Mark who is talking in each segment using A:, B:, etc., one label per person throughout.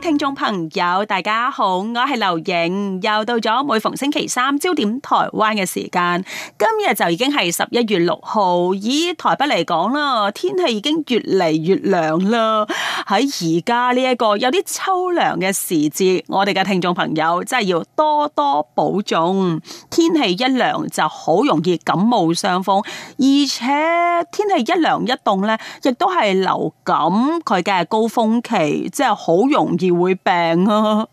A: 聽眾朋友，大家好，我係劉影，又到咗每逢星期三焦點台灣嘅時間。今日就已經係十一月六號，以台北嚟講啦，天氣已經越嚟越涼啦。喺而家呢一個有啲秋涼嘅時節，我哋嘅聽眾朋友真係要多多保重。天氣一涼就好容易感冒傷風，而且天氣一涼一凍咧，亦都係流感佢嘅高峰期，即係好容。而會病咯，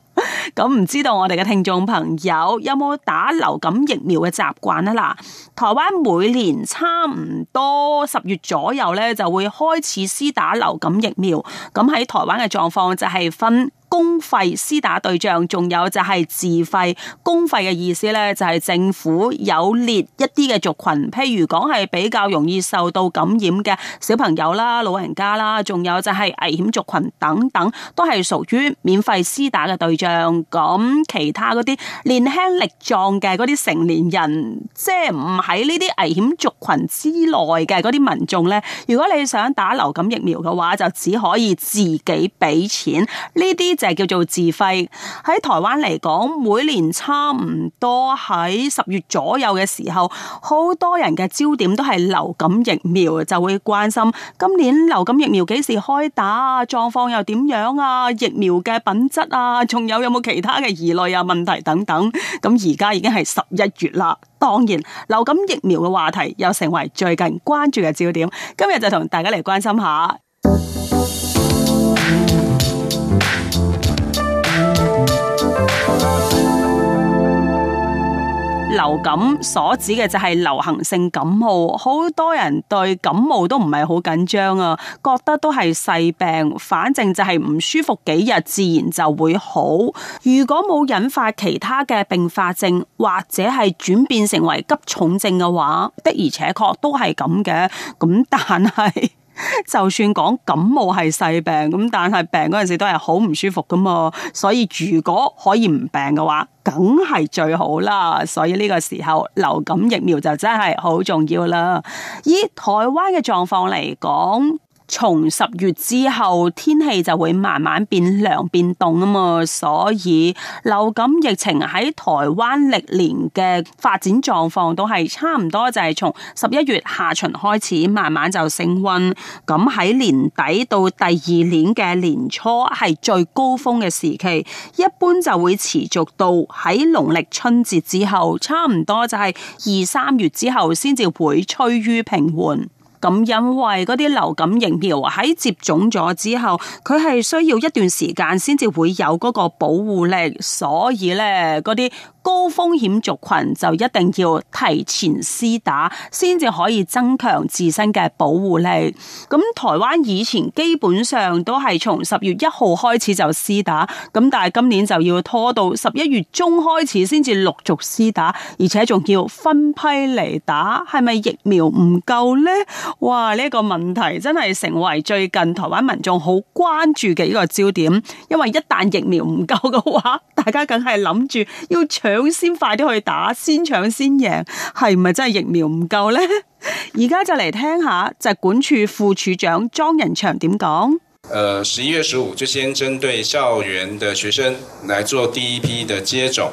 A: 咁唔知道我哋嘅聽眾朋友有冇打流感疫苗嘅習慣啊？嗱，台灣每年差唔多十月左右呢，就會開始施打流感疫苗。咁喺台灣嘅狀況就係分。公費施打對象，仲有就係自費公費嘅意思咧，就係、是，政府有列一啲嘅族群，譬如講係比較容易受到感染嘅小朋友啦、老人家啦，仲有就係危險族群等等，都係屬於免費施打嘅對象。咁、嗯、其他嗰啲年輕力壯嘅嗰啲成年人，即係唔喺呢啲危險族群之內嘅嗰啲民眾咧，如果你想打流感疫苗嘅話，就只可以自己俾錢。呢啲就是係叫做自費。喺台灣嚟講，每年差唔多喺十月左右嘅時候，好多人嘅焦點都係流感疫苗，就會關心今年流感疫苗幾時開打啊，狀況又點樣啊，疫苗嘅品質啊，仲有有冇其他嘅疑慮啊、問題等等。咁而家已經係十一月啦，當然流感疫苗嘅話題又成為最近關注嘅焦點。今日就同大家嚟關心下。流感所指嘅就係流行性感冒，好多人對感冒都唔係好緊張啊，覺得都係細病，反正就係唔舒服幾日，自然就會好。如果冇引發其他嘅併發症，或者係轉變成為急重症嘅話，的而且確都係咁嘅。咁但係。就算講感冒係細病咁，但係病嗰陣時都係好唔舒服噶嘛，所以如果可以唔病嘅話，梗係最好啦。所以呢個時候流感疫苗就真係好重要啦。以台灣嘅狀況嚟講，從十月之後，天氣就會慢慢變涼變凍啊嘛，所以流感疫情喺台灣歷年嘅發展狀況都係差唔多，就係從十一月下旬開始，慢慢就升溫。咁喺年底到第二年嘅年初係最高峰嘅時期，一般就會持續到喺農曆春節之後，差唔多就係二三月之後，先至會趨於平緩。咁因為嗰啲流感疫苗喺接種咗之後，佢係需要一段時間先至會有嗰個保護力，所以呢嗰啲。高風險族群就一定要提前施打，先至可以增強自身嘅保護力。咁台灣以前基本上都係從十月一號開始就施打，咁但係今年就要拖到十一月中開始先至陸續施打，而且仲要分批嚟打。係咪疫苗唔夠呢？哇！呢一個問題真係成為最近台灣民眾好關注嘅一個焦點，因為一旦疫苗唔夠嘅話，大家梗係諗住要搶先快啲去打，先搶先贏，係咪真係疫苗唔夠呢？而 家就嚟聽下，疾、就是、管處副處長莊仁祥點講？十一、呃、月十五就先針對校園嘅學生來做第一批的接種。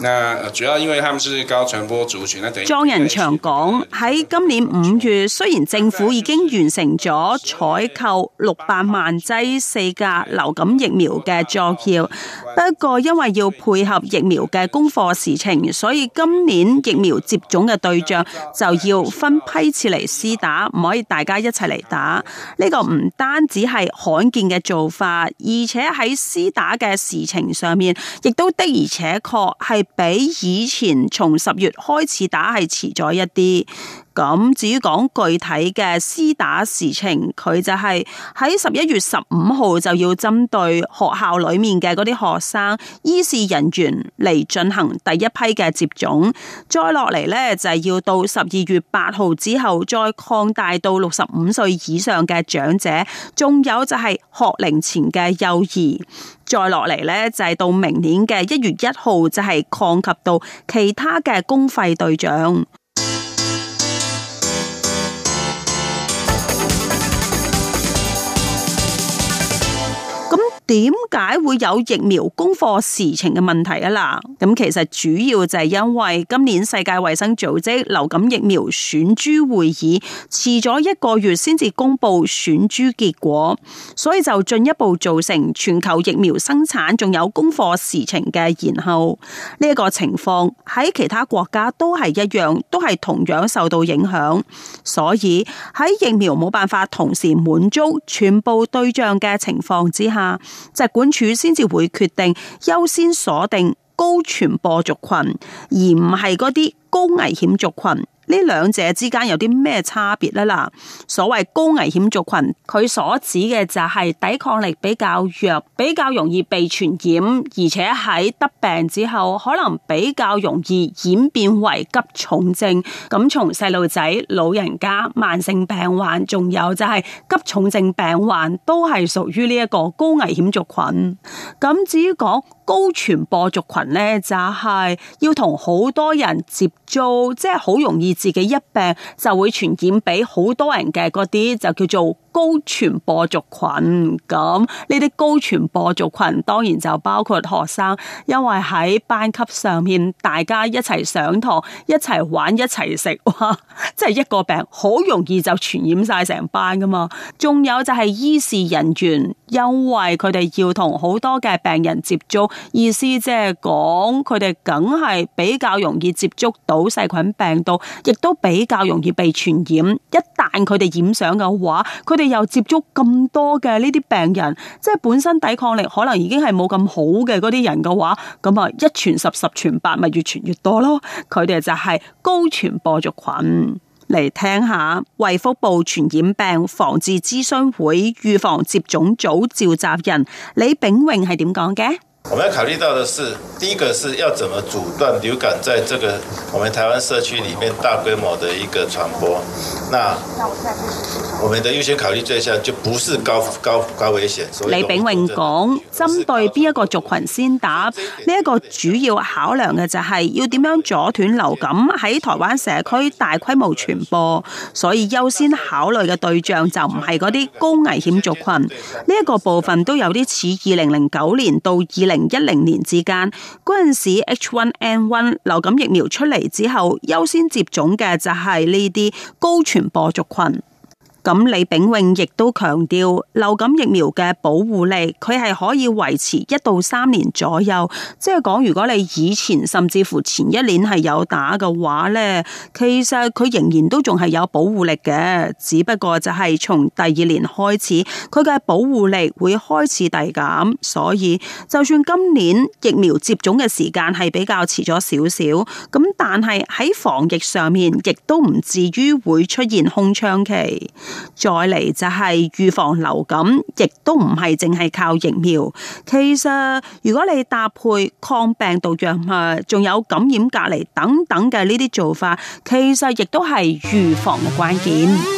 A: 那主要因為，他們是高傳播族群，那等莊仁祥講，喺今年五月，雖然政府已經完成咗採購六百萬劑四價流感疫苗嘅作業，不過因為要配合疫苗嘅供貨事情，所以今年疫苗接種嘅對象就要分批次嚟施打，唔可以大家一齊嚟打。呢、這個唔單止係罕見嘅做法，而且喺施打嘅事情上面，亦都的而且確係。比以前從十月開始打係遲咗一啲。咁至於講具體嘅施打事情，佢就係喺十一月十五號就要針對學校裏面嘅嗰啲學生、醫事人員嚟進行第一批嘅接種，再落嚟呢，就係、是、要到十二月八號之後再擴大到六十五歲以上嘅長者，仲有就係學齡前嘅幼兒，再落嚟呢，就係、是、到明年嘅一月一號就係擴及到其他嘅公費對象。點解會有疫苗供貨時程嘅問題啊？啦，咁其實主要就係因為今年世界衛生組織流感疫苗選株會議遲咗一個月先至公布選株結果，所以就進一步造成全球疫苗生產仲有供貨時程嘅延後呢一個情況。喺其他國家都係一樣，都係同樣受到影響。所以喺疫苗冇辦法同時滿足全部對象嘅情況之下。疾管處先至會決定優先鎖定高傳播族群，而唔係嗰啲高危險族群。呢兩者之間有啲咩差別呢？嗱，所謂高危險族群，佢所指嘅就係抵抗力比較弱、比較容易被傳染，而且喺得病之後可能比較容易演變為急重症。咁，從細路仔、老人家、慢性病患，仲有就係急重症病患，都係屬於呢一個高危險族群。咁至於講，高傳播族群呢，就係要同好多人接觸，即係好容易自己一病就會傳染畀好多人嘅嗰啲，就叫做高傳播族群，咁呢啲高傳播族群當然就包括學生，因為喺班級上面大家一齊上堂、一齊玩、一齊食，哇！即係一個病，好容易就傳染晒成班噶嘛。仲有就係醫事人員，因為佢哋要同好多嘅病人接觸，意思即係講佢哋梗係比較容易接觸到細菌病毒，亦都比較容易被傳染。一旦佢哋染上嘅話，佢哋又接觸咁多嘅呢啲病人，即係本身抵抗力可能已經係冇咁好嘅嗰啲人嘅話，咁啊一傳十十傳百，咪越傳越多咯。佢哋就係高傳播族群。嚟聽下衛福部傳染病防治諮詢會預防接種組召集人李秉穎係點講嘅？我們要考慮到的是，第一個是要怎麼阻斷流感在這個我們台灣社區裏面大規模的一個傳播。那我們的優先考慮對象就不是高高高危險。所以危險李秉穎講，針對邊一個族群先打，呢一個主要考量嘅就係要點樣阻斷流感喺台灣社區大規模傳播，所以優先考慮嘅對象就唔係嗰啲高危險族群。呢、這、一個部分都有啲似二零零九年到二零。一零年之間，嗰陣時 H1N1 流感疫苗出嚟之後，優先接種嘅就係呢啲高傳播族群。咁李炳永亦都強調，流感疫苗嘅保護力，佢係可以維持一到三年左右。即係講，如果你以前甚至乎前一年係有打嘅話咧，其實佢仍然都仲係有保護力嘅，只不過就係從第二年開始，佢嘅保護力會開始遞減。所以，就算今年疫苗接種嘅時間係比較遲咗少少，咁但係喺防疫上面，亦都唔至於會出現空窗期。再嚟就係預防流感，亦都唔係淨係靠疫苗。其實，如果你搭配抗病毒藥物，仲有感染隔離等等嘅呢啲做法，其實亦都係預防嘅關鍵。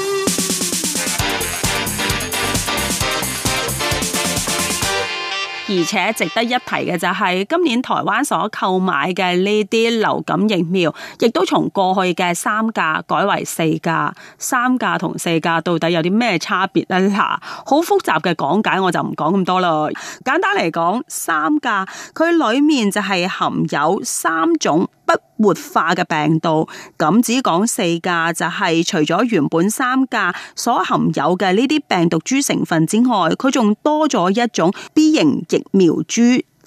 A: 而且值得一提嘅就係、是，今年台灣所購買嘅呢啲流感疫苗，亦都從過去嘅三價改為四價。三價同四價到底有啲咩差別呢？嗱，好複雜嘅講解我就唔講咁多啦。簡單嚟講，三價佢裏面就係含有三種。活化嘅病毒，咁只講四價就係除咗原本三價所含有嘅呢啲病毒株成分之外，佢仲多咗一種 B 型疫苗株。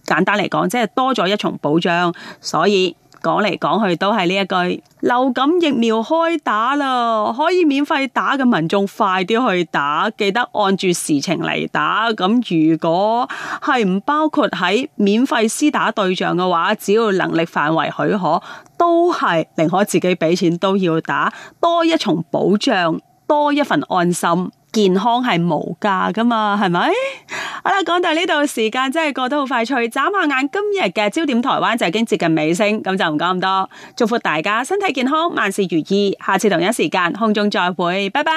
A: 簡單嚟講，即係多咗一重保障，所以。講嚟講去都係呢一句，流感疫苗開打啦，可以免費打嘅民眾快啲去打，記得按住時程嚟打。咁如果係唔包括喺免費施打對象嘅話，只要能力範圍許可，都係寧可自己俾錢都要打，多一重保障，多一份安心。健康係無價噶嘛，係咪？好啦，講到呢度，時間真係過得好快脆，眨下眼，今日嘅焦點台灣就已經接近尾聲，咁就唔講咁多。祝福大家身體健康，萬事如意。下次同一時間，空中再會，拜拜。